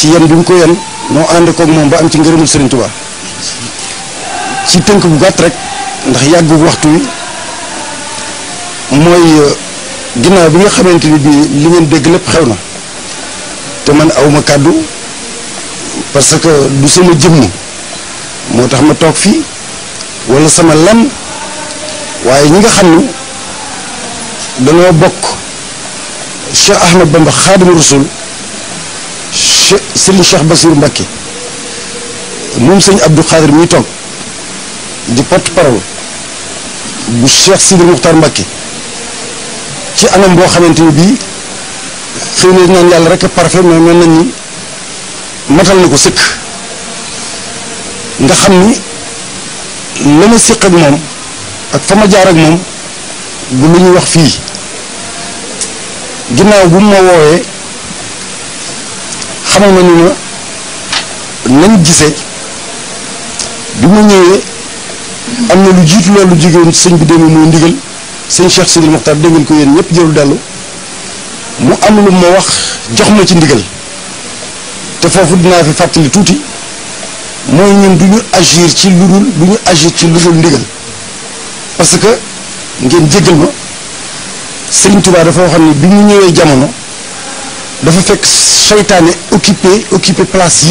ci yan bi mu ko yan moo ànd koog moom ba am ci ngërëmul Serigne Touba ci tënk bu gàtt rek ndax yàggu waxtu wi mooy euh, ginnaaw bi nga xamante ni bii li ngeen dégg lépp xew na te man awma kàddu parce que du sama jëmm moo tax ma toog fii wala sama lan waaye ñi nga xam ni danoo bokk Cheikh Ahmed Bamba Xaadimu Rasul sëriñ Cheikh Bassirou Mbacké moom sëñ Abdou Khadir muy toog di porte parole bu Cheikh Sidi Moukhtar Mbacké ci anam boo xamante ni bii xëy na naan yàlla rek parfait mais mel na ni matal na ko sëkk nga xam ni la ma séq ak moom ak fa ma jaar ak moom bu lu ñuy wax fii ginnaaw bu ma woowee xamal ma ni ma nañ gisee bi mu ñëwee am na lu jiitu loolu lu jógewoon sëñ bi demee moo ndigal sëñ Cheikh si Mokhtar dégg ngeen ko yéen ñëpp jëru dellu mu am lu ma wax jox ma ci ndigal te foofu dinaa fi fàttali tuuti mooy ñun du ñu agir ci lu dul du ñu agir ci lu dul ndigal parce que ngeen jéggal ma Sëriñ Tuubaa dafa waxoon ne bi mu ñëwee jamono. Donc vous faites que soit étalé, occupé, occupé, place.